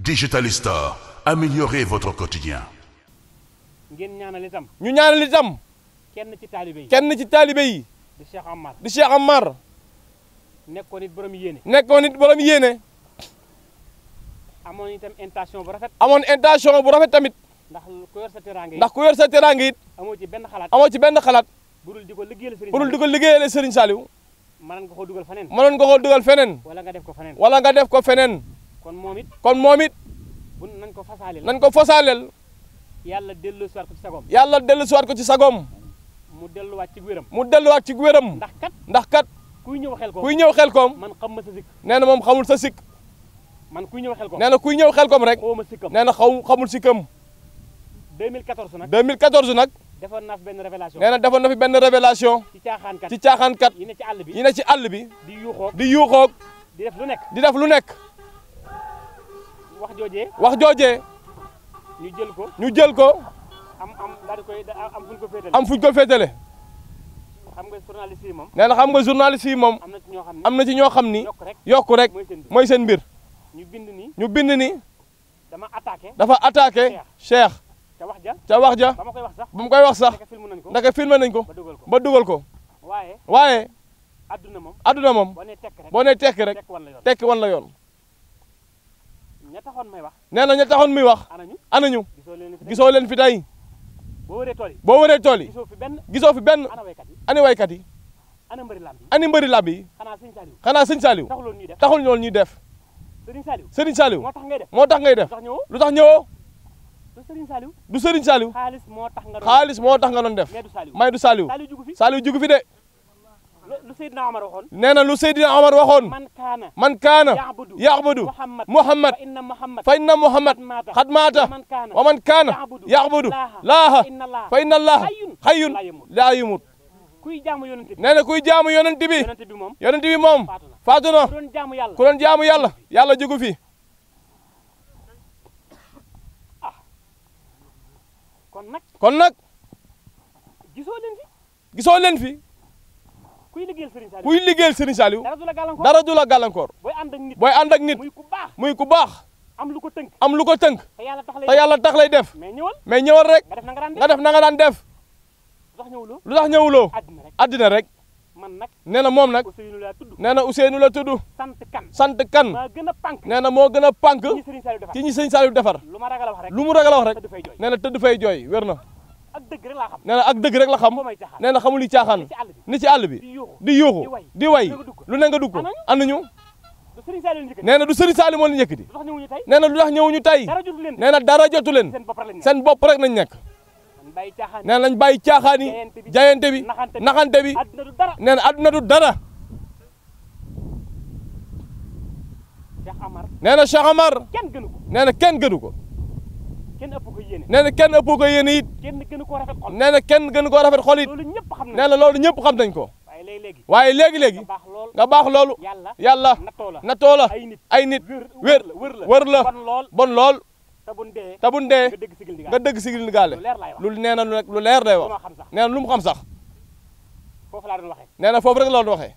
Digital Store, améliorez votre quotidien. ngeen ñaanal itam. ñu ñaana itam. kenn ci taalibe yi. kenn ci taalibe yi. di Cheikh Amar. di Cheikh Amar. nekkoon it borom yéene. nekkoon it borom yéene. amoon itam intention bu rafet. amoon intention bu rafet tamit. ndax ku yor sa teraanga it. ndax ku yor sa teraanga ci benn xalaat. amoo ci benn xalaat. budul di ko liggéeyal Serigne Saliou. budul di ko liggéeyal Serigne nga koo dugal feneen. mënoon nga koo dugal feneen. wala nga def ko feneen. wala nga def ko feneen. kon moom it kon moom it. nañ ko fasaaleel nañ ko fasaaleel. yàlla dellusiwaat ko ci sagom. yàlla dellusiwaat ko ci sagom. mu delluwaat ci wéram. mu delluwaat ci wéram. ndax kat ndax kat. kuy ñëw xel koom ñëw xel koom. man xam ma sa sikk. nee na moom xamul sa sikk. man kuy ñëw xel koom nee kuy ñëw xel koom rek. xaw ma sikkam nee na xaw xamul sikkam. 2014 nag 2014 nag. defoon na fi benn révélation nee na defoon fi benn révélation. ci caaxaankat ci caaxaankat. yi ne ci àll bi yi ci àll bi. di yuuxoog di yuuxoog. def lu nekk di def lu nekk. wax joojee. wax joojee. ñu jël ko ñu jël ko. am am daal di koy am ko féetale. am fuñ ko féetale. xam nga journaliste yi moom. nee na xam nga journaliste yi moom. am na ci ñoo xam ni am na ci ñoo xam ni. yokk rek mooy seen mbir. ñu bind ni ñu bind ni. dama attaqué. dafa attaqué Cheikh. ca wax ja ca wax ja. ba ma koy wax sax ba ma koy wax sax. ndaka filmé nañ ko ba dugal ko. waaye. waaye. adduna moom adduna moom. boo nee tekki rek tekki wan la yoon. ña taxoon muy wax nee na ña taxoon muy wax anañu gisoo leen fi tey boo wëree tool yi boo wëree tool yi gisoo fi benn ani waykat yi ani mbëri làmb yi ani mbëri làmb yi xanaa sëñ Saliou taxul loolu ñuy def sëriñ Saliou moo tax ngay def lu tax ñëwoo du sëriñ Saliou xaalis moo tax nga doon def may du Saliou Saliou jugu fi de lu Seydina Omar lu Seydina Omar waxoon. man kaana. man kaana. Muhammad fa Muhammad xad maata wa man kaana. yaxbudu laaha fa laaha xayyun laa yamut. kuy jaamu yonent bi nee na kuy jaamu yonent bi. yonent bi moom faatu na. jaamu yàlla yàlla jógu fi. Ah. kon nag. gisoo leen gisoo leen fi. kuy liggéeyal Serigne Saliou dara du la gàllankoor booy ànd ak nit muy ku baax am lu ko tënk am lu ko tënk te yàlla tax lay def mais ñëwal rek nga def na nga daan def lu tax ñëwuloo àddina rek nee na moom nag nee na Ousseynou la tudd sant kan nee na moo gën a pànk ci ñi Serigne Saliou defar lu mu ragal a wax rek nee na tëdd fay jooy wér na. ak dëgg rek la xam nee na ak dëgg rek la xam nee na xamul li caaxaan ni ci àll bi di yuuxu di way lu ne nga dugg ànd ñu nee na du Serigne Saliou moo leen yëkkati nee na lu tax ñëwuñu tey nee na dara jotu leen seen bopp rek nañ nekk nee nañ bàyyi caaxaan yi jayante bi naxante bi nee na àdduna du dara nee na Cheikh Amar nee na kenn gënu ko kenn ëpp ko yéene nee na kenn ëpp ko yéene it kenn gën koo rafet xol nee na kenn gën koo rafet xol it nee na loolu ñëpp xam nañ ko waaye léegi-léegi nga baax lool yàlla nattoo la ay nit wér wër la bon lool te bu dee nga dëgg sigil ndigaale lu nee na lu leer lay wax nee na lu mu xam sax nee na foofu rek la doon waxee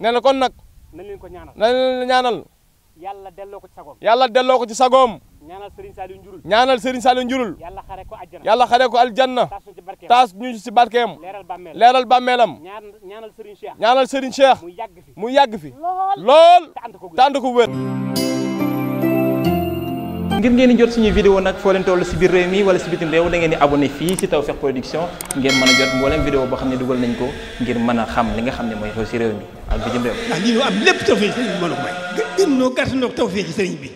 nee na kon nag nañ leen ñaanal yàlla delloo ko ci sagoom ñaanal Serigne Saliou Njurul ñaanal Serigne Saliou Njurul yàlla xare ko aljanna yàlla xare ko aljanna taas ñu ci barkeem leeral bàmmeelam ñaanal Serigne Cheikh ñaanal Serigne Cheikh mu yàgg fi mu yàgg fi lool tànd ko wér ngir ngeen di jot suñu vidéo nag foo leen toll si biir réew mi wala si bitim réew da ngeen di abonné fii si Tawfekh Production ngeen mën a jot mboolem vidéo boo xam ne dugal nañ ko ngir mën a xam li nga xam ne mooy xew si réew mi ak bitim réew. ndax lii am lépp Tawfekh sëriñ sëriñ bi.